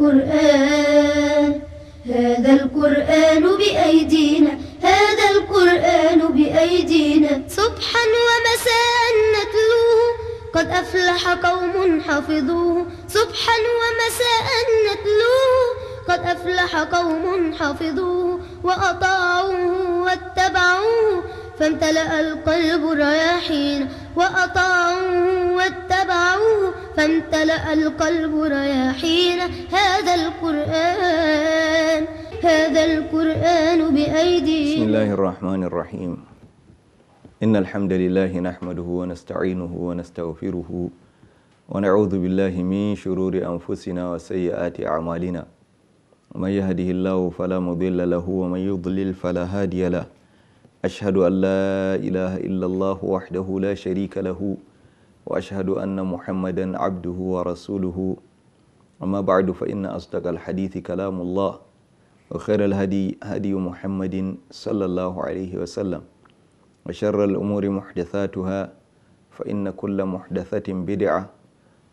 القرآن هذا القرآن بأيدينا هذا القرآن بأيدينا صبحا ومساء نتلوه قد أفلح قوم حفظوه صبحا ومساء نتلوه قد أفلح قوم حفظوه وأطاعوه واتبعوه فامتلأ القلب رياحين وأطاعوا واتبعوه فامتلأ القلب رياحين هذا القرآن هذا القرآن بأيدي بسم الله الرحمن الرحيم إن الحمد لله نحمده ونستعينه ونستغفره ونعوذ بالله من شرور أنفسنا وسيئات أعمالنا من يهده الله فلا مضل له ومن يضلل فلا هادي له أشهد أن لا إله إلا الله وحده لا شريك له وأشهد أن محمدا عبده ورسوله أما بعد فإن أصدق الحديث كلام الله وخير الهدي هدي محمد صلى الله عليه وسلم وشر الأمور محدثاتها فإن كل محدثة بدعة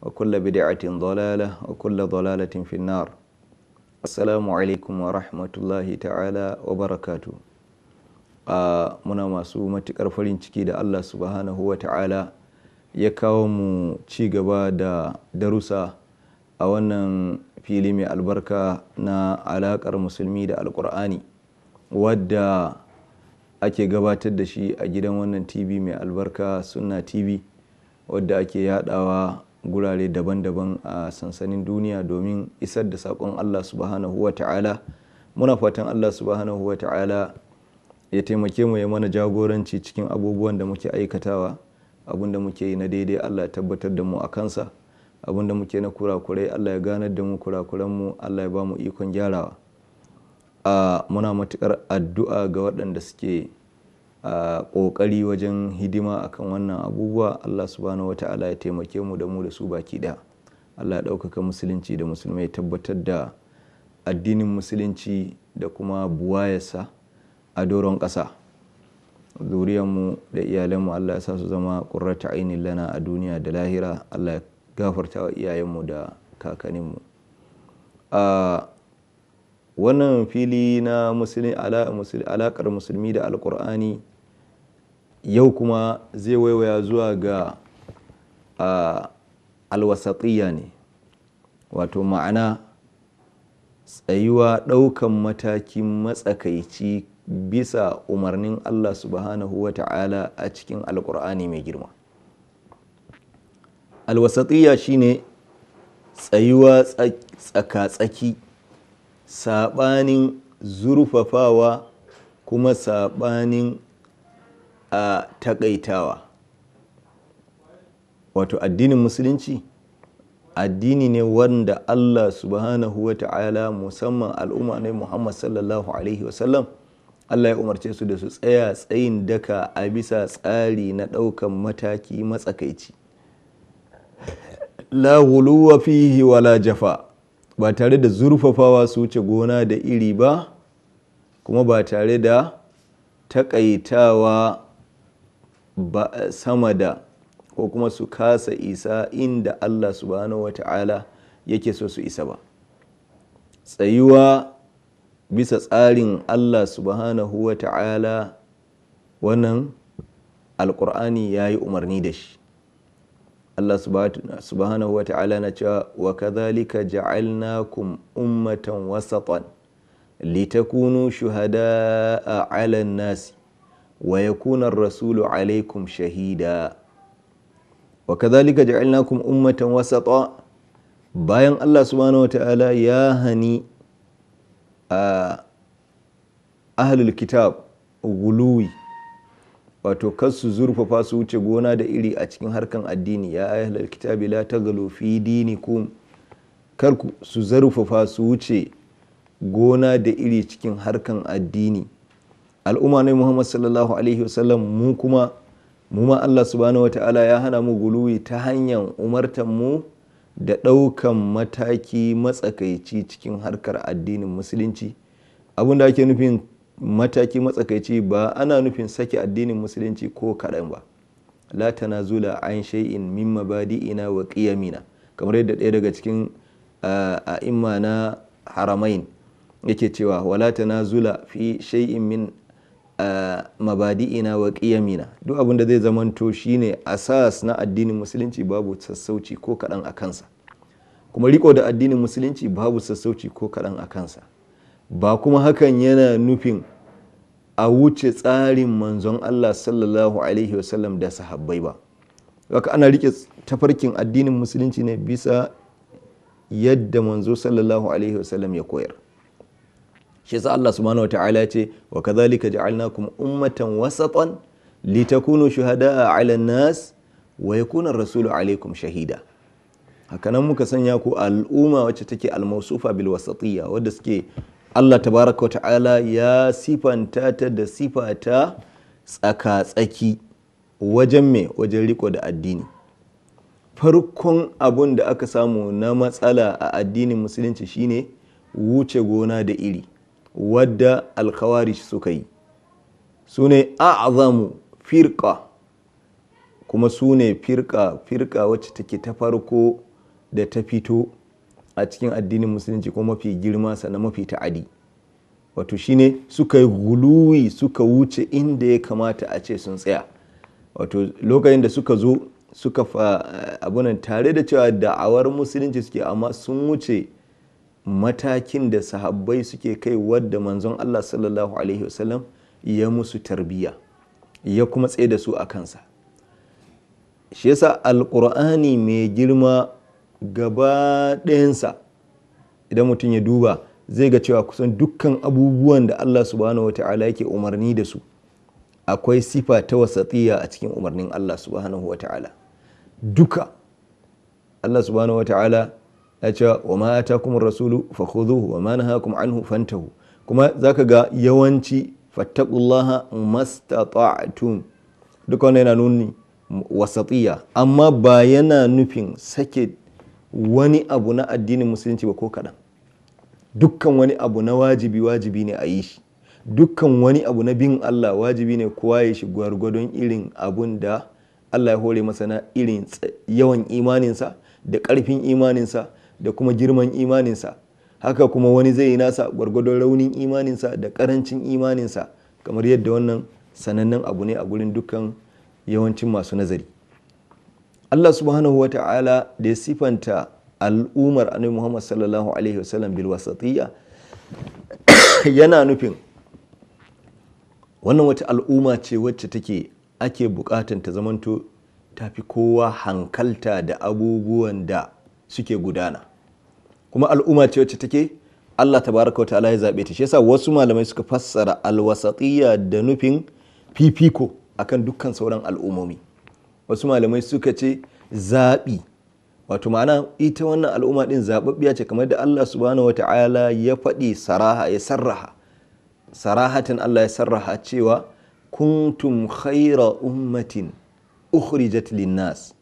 وكل بدعة ضلالة وكل ضلالة في النار السلام عليكم ورحمة الله تعالى وبركاته muna masu matukar farin ciki da Allah subhanahu wa ta'ala ya kawo mu ci gaba da darusa a wannan fili mai albarka na alaƙar musulmi da alkur'ani wadda ake gabatar da shi a gidan wannan tv mai albarka sunna tv wadda ake yaɗawa gurare daban-daban a sansanin duniya domin isar da saƙon allah subhanahu wa ta'ala muna fatan allah subhanahu wa ta'ala ya taimake mu ya mana jagoranci cikin abubuwan da muke aikatawa abun da muke yi na daidai Allah ya tabbatar da mu a kansa abun da muke na kurakurai Allah ya ganar da mu mu Allah ya ba mu ikon gyarawa a muna matukar addu'a ga waɗanda suke a ƙoƙari wajen hidima akan wannan abubuwa Allah subhanahu wata'ala ya taimake mu da mu da su baki ɗaya Allah ya ɗaukaka musulunci da musulmai tabbatar da addinin musulunci da kuma buwayarsa a doron ƙasa zuriyarmu da iyalanmu Allah ya sa su zama ƙurrata ainihin lana a duniya da lahira Allah ya gafarta wa iyayenmu da kakaninmu a wannan fili na alaƙar musulmi da alƙur'ani yau kuma zai waiwaya zuwa ga alwasaƙiya ne wato ma'ana tsayuwa ɗaukan matakin matsakaici bisa umarnin Allah subhanahu wa ta'ala a cikin alkur'ani mai girma alwasatiyya shine tsayuwa tsaka-tsaki saɓanin zurfafawa kuma saɓanin a taƙaitawa wato addinin musulunci addini ne wanda Allah subhanahu wa ta'ala musamman al'umma ne Muhammad sallallahu alaihi wasallam Allah ya umarce su da su tsaya tsayin daka a bisa tsari na ɗaukan mataki matsakaici la guluwa fihi wala jafa ba tare da zurfafawa su wuce gona da iri ba kuma ba tare da taƙaitawa ba sama da ko kuma su kasa isa inda Allah subhanahu ta'ala yake so su isa ba tsayuwa bisa tsarin Allah subhanahu wa ta'ala wannan alkur'ani ya yi umarni da shi Allah subhanahu wa ta'ala na cewa wa kadhalika kum ummatan wasatan litakunu a 'alan nasi wa yakuna rasulu 'alaykum shahida wa kadhalika kum ummatan wasata bayan Allah subhanahu wa ta'ala ya hani Ah, ahlul kitab guluwi wato kar su zurfafa su wuce gona da iri a cikin harkan addini ya ahlul kitabi la tagalu fi dinikum kar su zurfafa su wuce gona da iri cikin harkan addini al'umma ne muhammad sallallahu alaihi wasallam mu kuma mu ma allah subhanahu wataala ya hana mu guluwi ta hanyar umartan mu da ɗaukan mataki matsakaici cikin harkar addinin musulunci abinda ake nufin mataki matsakaici ba ana nufin sake addinin musulunci ko kaɗan ba la zula an shay'in min mabadi'ina wa ƙiyamina. kamar yadda ɗaya daga cikin imma na haramain yake cewa wala zula fi shay'in min mabadi'ina wa ƙiyamina. duk abin da zai zamanto shine asas na addinin musulunci babu sassauci ko kaɗan a kansa kuma riko da addinin musulunci babu sassauci ko kaɗan a kansa ba kuma hakan yana nufin a wuce tsarin manzon Allah sallallahu alaihi wasallam da sahabbai ba haka ana rike tafarkin addinin musulunci ne bisa yadda manzo sallallahu alaihi wasallam ya koyar shi sa Allah subhanahu wa ta'ala ce wa kadhalika ja'alnakum ummatan wasatan litakunu a alan nas wa kunan rasulu 'alaikum shahida hakanan muka sanya ku al'umma wacce take almasufa bil wasatiyya wadda suke Allah tabaraka wa ta'ala ya sifanta ta da sifa ta tsaka-tsaki wajen me wajen riko da addini farkon abun da aka samu na matsala a addinin musulunci shine wuce gona da iri wadda alkhawarish suka yi su ne a'azamu firka kuma su ne firka firka wacce take ta farko da ta fito a cikin addinin musulunci ko mafi girma sannan mafi ta'adi wato shine suka yi guluwi suka wuce inda ya kamata a ce sun tsaya wato lokacin da suka zo suka fa eh, abunan tare da cewa da'awar musulunci suke amma sun wuce matakin da sahabbai suke kai wadda manzon Allah sallallahu alaihi wasallam ya musu tarbiyya ya kuma tsaye da su a kansa shi yasa alkur'ani mai girma gaba ɗayansa idan mutum ya duba zai ga cewa kusan dukkan abubuwan da allah subhanahu wa ta'ala yake umarni da su akwai sifa ta wasatsiya a cikin umarnin allah subhanahu wa ta'ala duka allah subhanahu wa ta'ala ya cewa wa ma kuma rasulu fa khudhuhu wa ma anhu fantahu kuma zaka ga yawanci fattakullaha mastata'tum duk wannan yana nuni wasatiya amma ba yana nufin sake wani abu na addinin musulunci ba ko kaɗan dukkan wani abu na wajibi wajibi ne a yi shi dukkan wani abu na bin Allah wajibi ne kowa ya shi gwargwadon irin abun da Allah ya hore masa na irin yawan imaninsa da ƙarfin imaninsa da kuma girman imaninsa haka kuma wani zai yi nasa gwargwadon raunin imaninsa da karancin imaninsa kamar yadda wannan sanannen abu ne a gurin dukkan yawancin masu nazari Allah subhanahu wa ta'ala da ya sifanta al'umar annabi Muhammad sallallahu alaihi wasallam bil wasatiyya yana nufin wannan wata al'umma ce wacce take ake bukatan ta zamanto tafi kowa hankalta da abubuwan da suke gudana kuma al'umma ce wacce take Allah tabaraka wa ta'ala ya zaɓe ta shi yasa wasu malamai suka fassara alwasatiyya da nufin fifiko akan dukkan sauran al'ummomi wasu malamai suka ce zaɓi wato ma'ana ita wannan al'umma din zaɓaɓɓiya ce kamar da Allah subhanahu wa ta'ala ya faɗi saraha ya sarraha sarahatin Allah ya sarraha cewa kuntum khaira ummatin ukhrijat linnas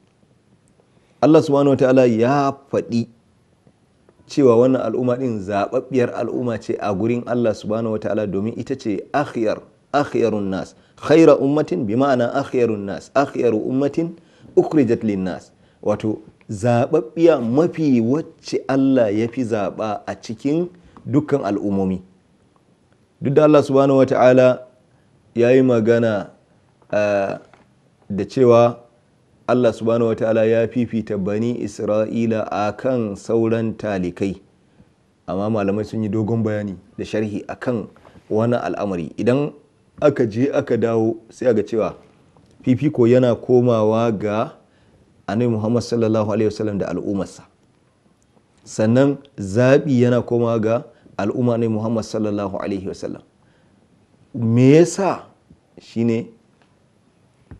Allah subhanahu wa ta'ala ya faɗi cewa wannan al'umma din zababbiyar al'umma ce a gurin Allah subhanahu wataala domin ita ce akhyar akhyarun nas khaira ummatin bi ma'ana akhyarun nas akhyaru ummatin ukhrijat lin nas wato zababbiya mafi wacce Allah ya fi zaba a cikin dukkan al'ummomi duk da Allah subhanahu wataala ya yi magana eh, da cewa Allah subhanahu wataala ya fifita bani Isra'ila a kan sauran talikai amma malamai sun yi dogon bayani da sharhi akan wani al'amari idan aka je aka dawo sai ga cewa fifiko yana komawa ga annabi Muhammad sallallahu alaihi wasallam da al'ummarsa sannan zaɓi yana komawa ga al'umma ne Muhammad sallallahu alaihi wasallam me yasa shine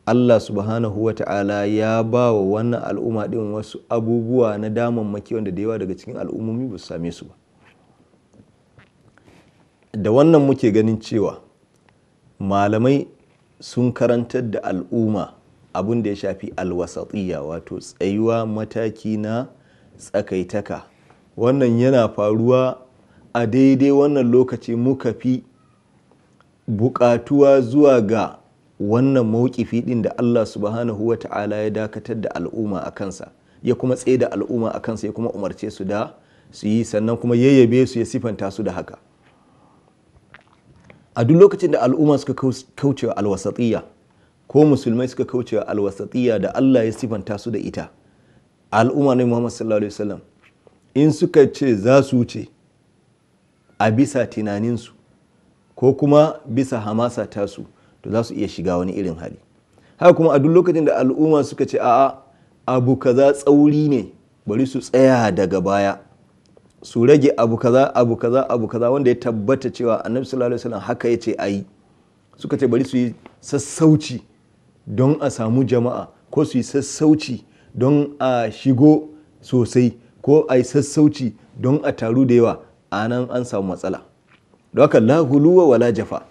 Allah subhanahu wa ta'ala ya ba wa wannan al'umma ɗin wasu abubuwa na daman wanda da yawa daga cikin al'ummomi ba su same su ba da wannan muke ganin cewa malamai sun karantar da al'umma abin da ya shafi alwasatiyya wato tsayuwa mataki na tsakaitaka wannan yana faruwa a daidai wannan lokaci muka fi bukatuwa zuwa ga wannan mawukifi din da Allah subhanahu wa ta'ala ya dakatar da al'umma a kansa ya kuma tsaye da al'umma a kansa ya kuma umarce su da su yi sannan kuma yayyabe su ya sifanta su da haka a duk lokacin da al'umma suka kaucewa alwasatiyya ko musulmai suka kaucewa alwasatiyya da Allah ya sifanta su da ita al'umma ne Muhammad sallallahu alaihi wasallam in suka ce za su wuce a bisa tunaninsu ko kuma bisa hamasa tasu to za su iya shiga wani irin hali haka kuma a duk lokacin da al'umma suka ce a'a abu kaza tsauri ne bari su tsaya daga baya su rage abu kaza abu kaza abu kaza wanda ya tabbata cewa annabi sallallahu alaihi wasallam haka yace ayi suka ce bari su yi sassauci don a samu jama'a ko su yi sassauci don a shigo sosai ko a yi sassauci don a taru da yawa a nan an samu matsala don haka la wala jafa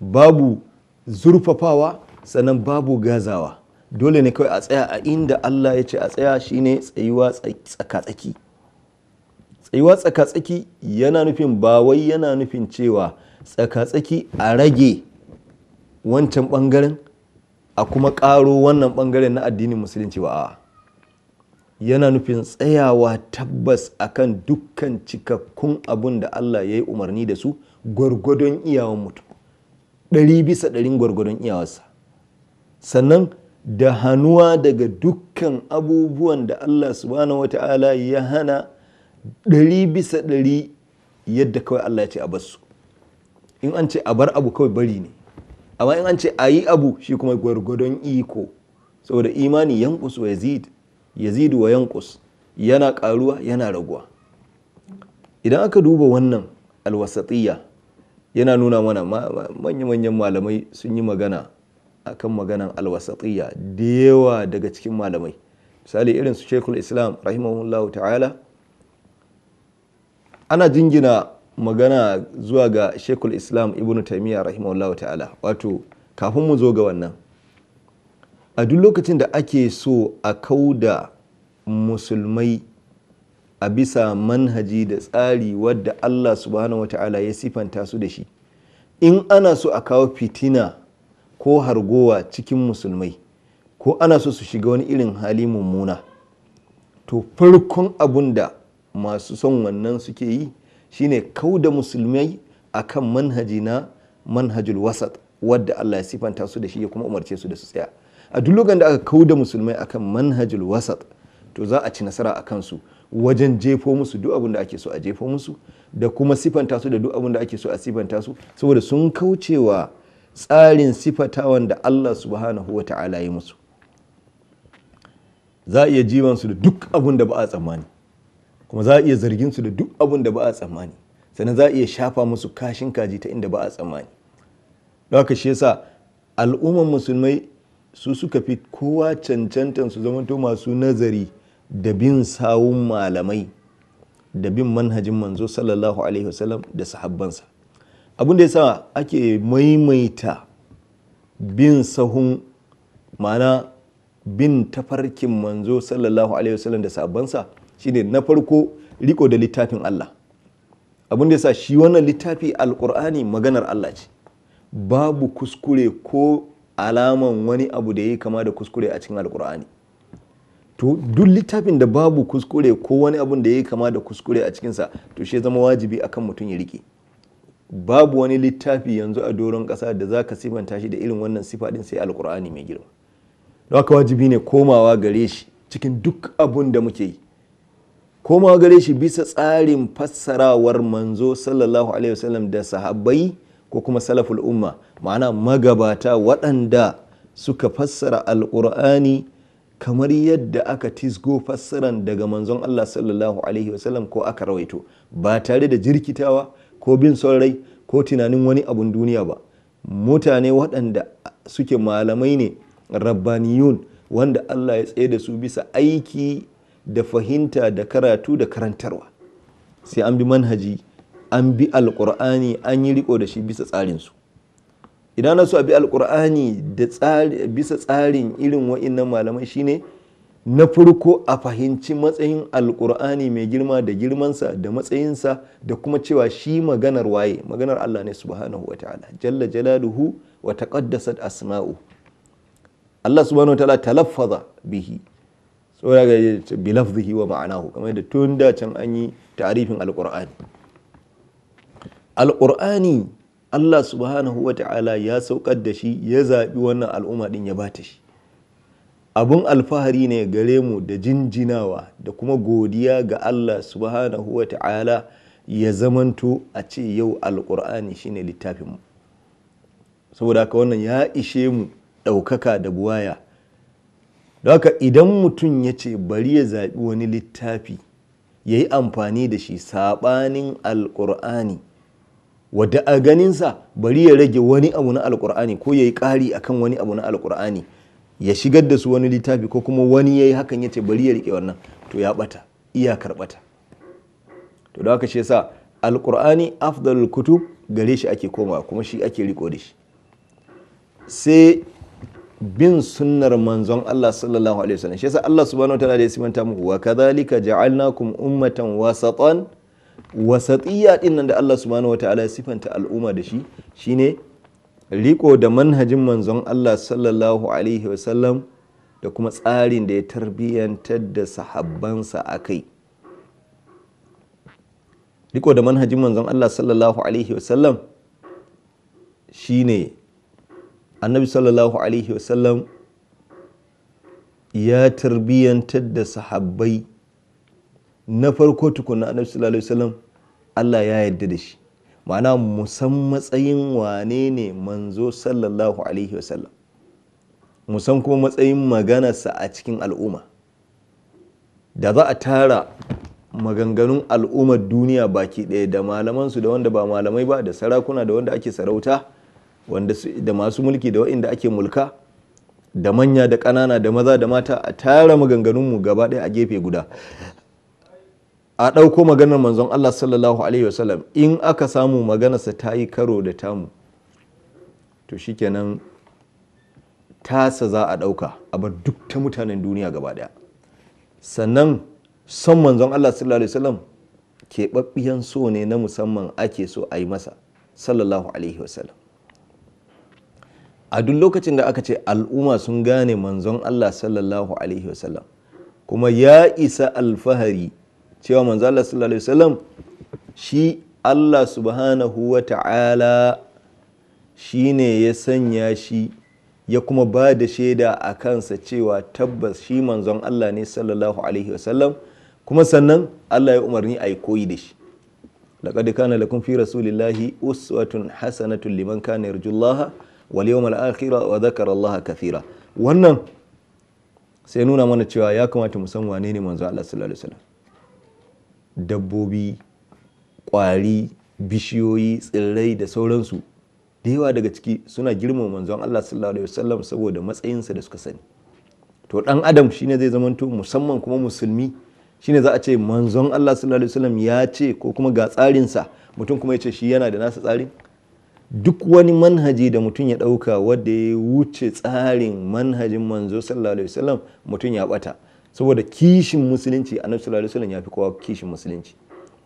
babu zurfafawa sannan babu gazawa dole ne kawai a tsaya a inda Allah ya ce a tsaya shine tsayuwa tsakatsaki. tsayuwa tsakatsaki yana nufin ba wai yana nufin cewa tsakatsaki a rage wancan bangaren a kuma karo wannan bangaren na addinin musulunci ba yana nufin tsayawa tabbas akan dukkan cikakkun abun da Allah ya yi umarni da su gwargwadon iyawan mutum ɗari bisa ɗarin gwargwadon iyawarsa sannan da hannuwa daga dukkan abubuwan da Allah subhanahu wata'ala ya hana ɗari bisa ɗari yadda kawai Allah ya ce a basu in an ce a bar abu kawai bari ne amma in an ce a yi abu shi kuma gwargwadon iko saboda imani yankus wa yazid yazid wa yankus yana karuwa yana raguwa idan aka duba wannan alwasatiyya yana nuna mana manya-manyan malamai sun yi magana akan maganan alwasatiyya da yawa daga cikin malamai misali irin su shekul islam rahimahullahu ta'ala ana jingina magana zuwa ga shekul islam ibn taimiyya rahimahullahu ta'ala wato kafin mu zo ga wannan a duk lokacin da ake so a kauda musulmai a bisa manhaji da tsari wadda Allah subhanahu wata'ala ya sifanta su da shi in ana so a kawo fitina ko hargowa cikin musulmai ko ana so su shiga wani irin hali mummuna to farkon abun da masu son wannan suke yi shine kau da musulmai akan manhaji na manhajul wasat wadda Allah ya sifanta su da shi ya kuma umarce su da su tsaya a duk lokacin da aka kau da musulmai akan manhajul wasat to za a ci nasara a kansu wajen jefo musu duk abin da ake so a jefo musu da kuma sifanta su da duk abin da ake so a sifanta su saboda sun kauce wa tsarin sifatawan da Allah subhanahu wa ta'ala ya musu za a iya jibansu da duk abin da ba a tsammani kuma za a iya zargin su da duk abin da ba a tsammani sannan za a iya shafa musu kashin kaji ta inda ba a tsammani don haka shi yasa al'umman musulmai su suka fi kowa cancantan su zamanto masu nazari da bin sawun malamai da bin manhajin manzo sallallahu alaihi wasallam da sahabbansa abin da ya sa ake maimaita bin sahun mana bin tafarkin manzo sallallahu alaihi wasallam da sahabbansa shine na farko riko da littafin Allah abin da ya sa shi wannan littafi alkur'ani maganar Allah ce babu kuskure ko alaman wani abu da ya yi kama da kuskure a cikin alkur'ani to duk littafin da babu kuskure ko wani abun da ya yi kama da kuskure a cikinsa to shi zama wajibi akan mutum ya rike babu wani littafi yanzu a doron ƙasa da za ka sifanta shi da irin wannan sifa din sai alkur'ani mai girma don haka wajibi ne komawa gare shi cikin duk abun da muke yi komawa gare shi bisa tsarin fassarawar manzo sallallahu alaihi wasallam da sahabbai ko kuma salaful umma ma'ana magabata waɗanda suka fassara alkur'ani kamar yadda aka tisgo fassaran daga manzon Allah sallallahu alaihi wasallam ko aka rawaito ba tare da jirkitawa ko bin saurai ko tunanin wani abun duniya ba mutane waɗanda suke malamai ne rabbaniyun wanda Allah ya tsaye da su bisa aiki da fahimta da karatu da karantarwa sai an bi manhaji an bi alkur'ani an yi riko da shi bisa tsarinsu idan na so a alkur'ani da bisa tsarin irin wa'innan malamai shine na farko a fahimci matsayin alkur'ani mai girma da girmansa da matsayinsa da kuma cewa shi maganar waye maganar Allah ne subhanahu wataala jalla jalaluhu wa taqaddasat asma'u Allah subhanahu ta'ala talaffaza bihi saboda ga bi lafzihi wa ma'anahu kamar da tun da can an yi ta'arifin alkur'ani alkur'ani Allah subhanahu wa ta'ala ya saukar da shi ya zaɓi wannan al'umma ɗin ya ba ta shi Abin alfahari ne gare mu da jinjinawa da kuma godiya ga Allah subhanahu wa ta'ala ya zamanto a ce yau alƙur'ani shine littafinmu saboda haka wannan ya ishe mu ɗaukaka da buwaya da haka idan mutum ya ce bari ya zaɓi wani littafi ya yi amfani da shi saɓanin alƙur'ani wadda a ganinsa bari ya rage wani abu na alkur'ani ko ya yi ƙari akan wani abu na alkur'ani ya shigar da su wani littafi ko kuma wani ya yi hakan ya ce bari ya riƙe wannan to ya ɓata iyakar ɓata to da haka shi yasa alkur'ani afdalul kutub gare shi ake komawa kuma shi ake riko da shi sai bin sunnar manzon Allah sallallahu alaihi wasallam shi yasa Allah subhanahu wataala da ya simanta muku wa kadhalika ja'alnakum ummatan wasatan wasatiyya din nan da Allah subhanahu ta'ala ya sifanta al'umma da shi shine riko da manhajin manzon Allah sallallahu alaihi wasallam da kuma tsarin da ya tarbiyyantar da sahabbansa a kai riko da manhajin manzon Allah sallallahu alaihi wasallam shine annabi sallallahu alaihi wasallam ya tarbiyyantar da sahabbai na farko tukuna annabi sallallahu alaihi wasallam Allah ya yarda da shi ma'ana musan matsayin wane ne manzo sallallahu alaihi wasallam musan kuma matsayin maganarsa a cikin al'umma da za a tara maganganun al'ummar duniya baki ɗaya da malamansu da wanda ba malamai ba da sarakuna da wanda ake sarauta da masu mulki da waɗanda ake mulka da manya da ƙanana da maza da mata a tara maganganunmu gaba ɗaya a gefe guda a ɗauko maganar manzon Allah sallallahu alaihi wasallam in aka samu maganarsa ta yi karo da tamu to shikenan tasa za a ɗauka a bar duk ta mutanen duniya gaba ɗaya sannan son manzon Allah sallallahu alaihi wasallam keɓaɓɓiyan so ne na musamman ake so a yi masa sallallahu alaihi wasallam a duk lokacin da aka ce al'umma sun gane manzon Allah sallallahu alaihi wasallam kuma ya isa alfahari cewa manzo Allah sallallahu alaihi wasallam shi Allah subhanahu wa ta'ala shi ne ya sanya shi ya kuma ba da shaida a kansa cewa tabbas shi manzon Allah ne sallallahu alaihi wasallam kuma sannan Allah ya umarni a yi koyi da shi laqad kana lakum fi rasulillahi uswatun hasanatun liman kana yarjullaha wal yawmal akhir wa dhakara Allah kathira wannan sai nuna mana cewa ya kamata mu san wane ne manzon Allah sallallahu alaihi wasallam dabbobi ƙwari bishiyoyi tsirrai da sauransu da yawa daga ciki suna girmama manzon Allah sallallahu alaihi wasallam saboda matsayinsa da suka sani to dan adam shine zai zamanto musamman kuma musulmi shine za a ce manzon Allah sallallahu alaihi wasallam ya ce ko kuma ga tsarinsa mutum kuma ya ce shi yana da nasa tsarin duk wani manhaji da mutum ya ɗauka wanda ya wuce tsarin manhajin manzo sallallahu alaihi wasallam mutum ya ɓata saboda kishin musulunci annabi sallallahu alaihi wasallam ya fi kowa kishin musulunci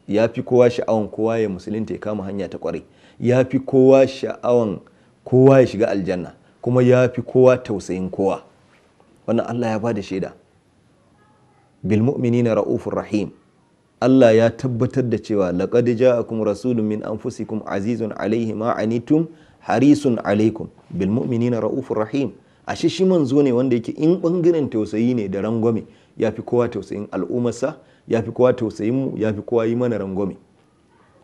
Yafi fi kowa sha'awan kowa ya musulunta ya kama hanya ta kwarai Yafi fi kowa sha'awan kowa ya shiga aljanna kuma yafi kowa tausayin kowa wannan Allah ya ba da shaida bil mu'minina ra'ufur rahim Allah ya tabbatar da cewa laqad ja'akum rasulun min anfusikum azizun alaihi ma anitum harisun alaikum bil mu'minina ra'ufur rahim ashe shi manzo ne wanda yake in ɓangaren tausayi ne da rangwame ya fi kowa tausayin al'ummarsa ya fi kowa tausayin mu ya fi kowa yi mana rangwame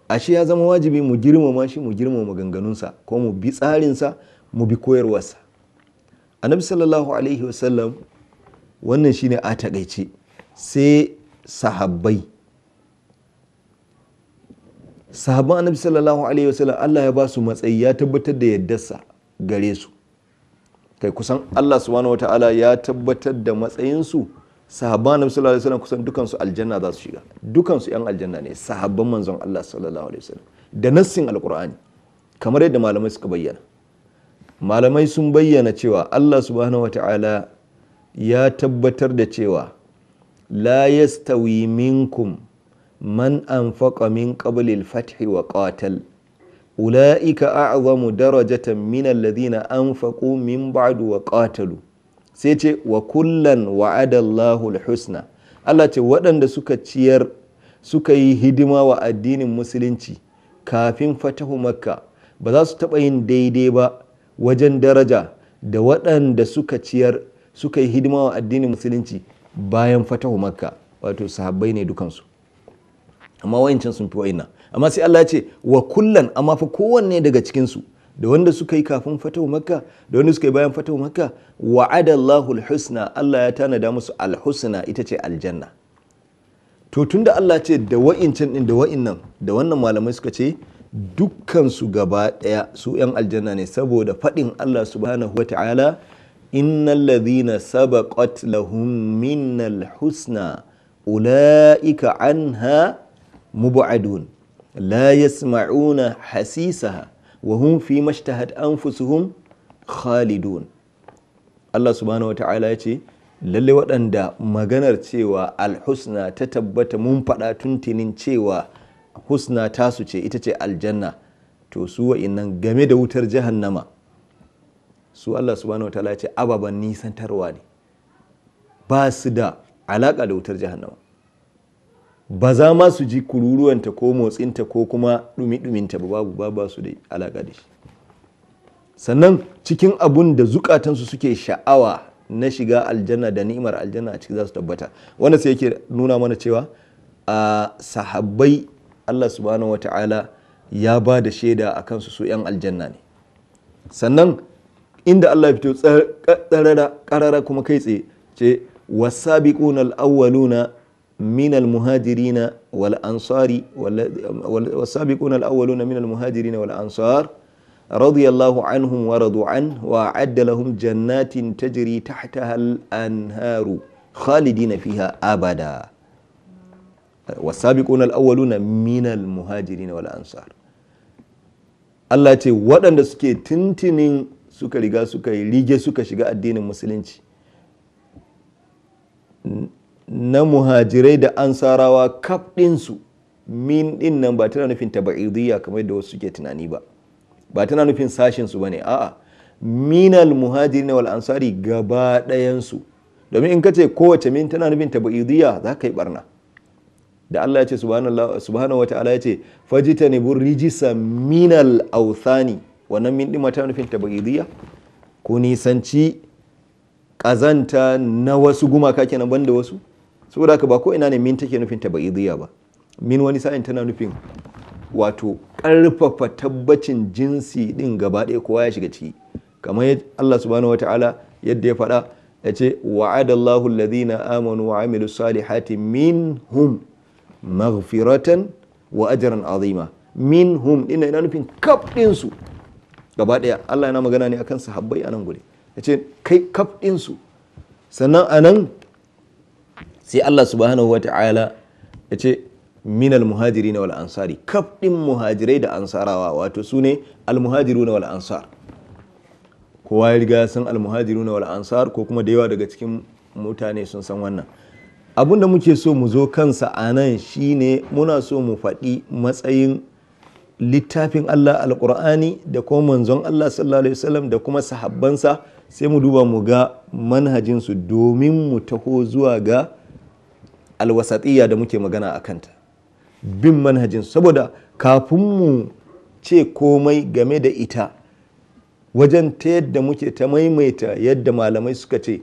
ashe ya zama wajibi mu girmama shi mu girmama ganganunsa. ko mu bi tsarinsa mu bi koyarwarsa annabi sallallahu alaihi wasallam wannan shine a takaice sai sahabbai sahabban annabi sallallahu alaihi wasallam Allah ya ba su matsayi ya tabbatar da yaddarsa gare su kai kusan Allah subhanahu wataala ya tabbatar da matsayin su. sahabban annabi sallallahu alaihi wasallam kusan dukansu aljanna za su shiga dukansu yan aljanna ne sahabban manzon Allah sallallahu alaihi wasallam da nassin alqur'ani kamar yadda malamai suka bayyana malamai sun bayyana cewa Allah subhanahu wataala ya tabbatar da cewa la yastawi minkum man anfaqa min qabli al-fath wa qatal ulaika a'zamu darajatan min alladhina anfaqu min ba'du wa qatalu sai ce wa kullan wa'adallahu husna Allah ce waɗanda suka ciyar suka yi hidima wa addinin musulunci kafin fatahu makka ba za su taɓa yin daidai ba wajen daraja da waɗanda suka ciyar suka yi hidima wa addinin musulunci bayan fatahu makka wato sahabbai ne dukansu amma wayancin sun fi wa'ina amma sai Allah ya ce wa kullan amma fa kowanne daga cikinsu da wanda suka yi kafin fatahu makka da wanda suka yi bayan fatahu makka wa'ada Allahu al Allah ya tanada musu alhusna ita ce aljanna to da Allah ce da wa'incin din da wa'innan da wannan malamai suka ce dukkan su gaba daya su yan aljanna ne saboda fadin Allah subhanahu wata'ala innal ladhina sabaqat lahum minnal husna ulaika anha mub'adun la yasma'una hasisaha wa hum an mashtahat anfusuhum khalidun Allah subhanahu wata'ala ya ce lalle waɗanda maganar cewa alhusna ta tabbata mun faɗa tuntunin cewa husna tasu ce ita ce aljanna to su wa'innan game da wutar jahannama su Allah subhanahu wata'ala ya ce ababen nisantarwa ne ba su da alaƙa da wutar jahannama ba za ma su ji kururuwanta ko motsinta ko kuma ɗumi-ɗuminta ba babu ba su da alaƙa da shi sannan cikin abun da zukatansu suke sha'awa na shiga aljanna da ni'imar aljanna a ciki za su tabbata wanda sai yake nuna mana cewa a sahabbai Allah subhanahu wa ta'ala ya ba da shaida a kansu su 'yan aljanna ne sannan inda Allah fito tsarara karara kuma kai tsaye ce wasabiquna al-awwaluna من المهاجرين والأنصار والسابقون الأولون من المهاجرين والأنصار رضي الله عنهم ورضوا عنه وأعد لهم جنات تجري تحتها الأنهار خالدين فيها أبدا والسابقون الأولون من المهاجرين والأنصار Allah ce waɗanda suke tintinin suka riga suka yi rige suka shiga addinin musulunci na muhajirai da ansarawa kaf ɗinsu min ɗin nan ba tana nufin taba'idiyya kamar yadda wasu suke tunani ba ba tana nufin sashinsu ba ne a'a minal muhajirin wal ansari gaba ɗayansu domin in kace kowace min tana nufin taba'idiyya za ka yi barna da Allah ya ce subhanahu wata'ala ya ce fajita ne bun rijisa minal authani wannan min ɗin tana nufin taba'idiyya ko nisanci ƙazanta na wasu gumaka kenan banda wasu saboda haka ba ko ina ne min take nufin tabaidiyya ba min wani sa'in tana nufin wato ƙarfafa tabbacin jinsi din gaba ɗaya kowa ya shiga ciki kamar Allah subhanahu wataala yadda ya faɗa ya ce wa'adallahu alladhina amanu wa amilu salihati minhum maghfiratan wa ajran azima minhum din ina nufin kaf din su gaba ɗaya Allah yana magana ne akan sahabbai anan gure ya ce kai kaf din su sannan anan sai Allah subhanahu wa ta'ala ya ce minal muhajiri na wal'ansari kaf ɗin muhajirai da ansarawa wato su ne almuhajiru na wal'ansar kowa ya riga san almuhajiru na wal'ansar ko kuma da yawa daga cikin mutane sun san wannan abin da muke so mu zo kansa a nan shine muna so mu faɗi matsayin littafin Allah alƙur'ani da kuma manzon Allah sallallahu alaihi wasallam da kuma sahabbansa sai mu duba mu ga manhajinsu domin mu taho zuwa ga alwasatiyya da muke magana a kanta bin manhajin saboda kafin mu ce komai game da ita wajen ta yadda muke ta maimaita yadda malamai suka ce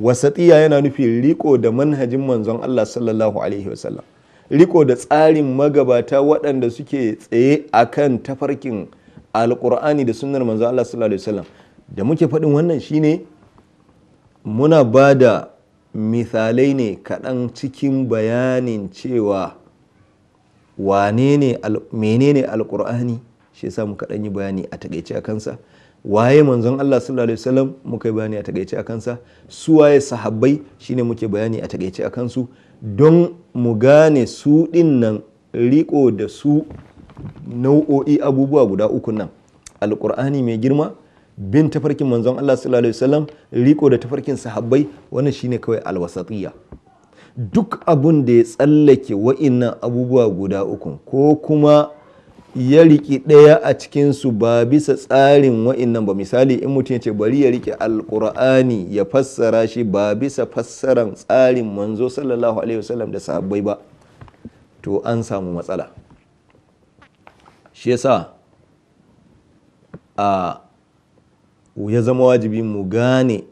wasatiya yana nufin riko da manhajin manzon Allah sallallahu alaihi wasallam riko da tsarin magabata waɗanda suke tsaye akan tafarkin alƙur'ani da sunnar manzon Allah sallallahu alaihi wasallam da muke faɗin wannan shine muna ba da misalai ne kaɗan cikin bayanin cewa menene Alƙur'ani shi yasa muka ɗan yi bayani a taƙaice a kansa waye manzon Allah sallallahu alaihi wasallam muka yi bayani a taƙaice a kansa su waye sahabbai shine muke bayani a taƙaice a kansu don mu gane su ɗin nan riko da su nau'o'i abubuwa guda uku nan alƙur'ani mai girma bin tafarkin manzon Allah sallallahu alaihi wasallam riko da tafarkin sahabbai wannan shine kawai alwasatiyya duk abun da ya tsallake wa'innan abubuwa guda uku ko kuma ya riki daya a cikin su ba bisa tsarin wa'innan ba misali in mutum ya ce bari ya rike alkur'ani ya fassara shi ba bisa fassaran tsarin manzo sallallahu alaihi wasallam da sahabbai ba to an samu matsala shi yasa a ya zama wajibi mu gane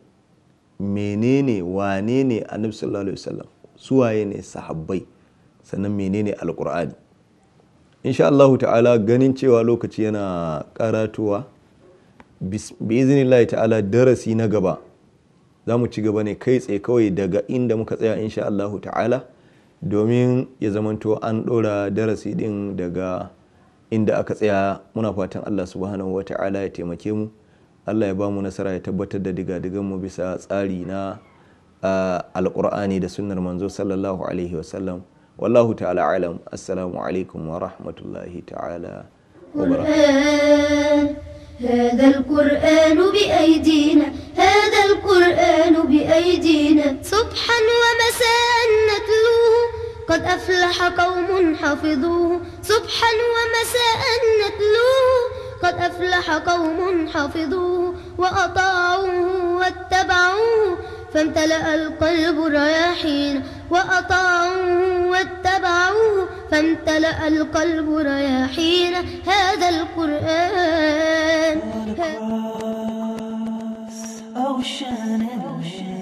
menene wane ne annabi sallallahu alaihi wasallam suwaye ne sahabbai sannan menene alkur'ani insha Allahu ta'ala ganin cewa lokaci yana karatuwa biiznillahi ta'ala darasi na gaba za mu ci gaba ne kai tsaye kawai daga inda muka tsaya insha Allahu ta'ala domin ya zamanto an ɗora darasi din daga inda aka tsaya muna fatan Allah subhanahu wa ta'ala ya taimake mu Allah ya bamu nasara ya tabbatar da digadigan mu bisa tsari na alqur'ani da sunnar manzo sallallahu alaihi wasallam wallahu ta'ala alam assalamu alaikum wa rahmatullahi ta'ala هذا القرآن بأيدينا هذا القرآن بأيدينا صبحا ومساء نتلوه قد أفلح قوم حفظوه صبحا ومساء نتلوه قد أفلح قوم حفظوه وأطاعوه واتبعوه فامتلأ القلب رياحين وأطاعوه واتبعوه فامتلأ القلب رياحين هذا القرآن أغشان أغشان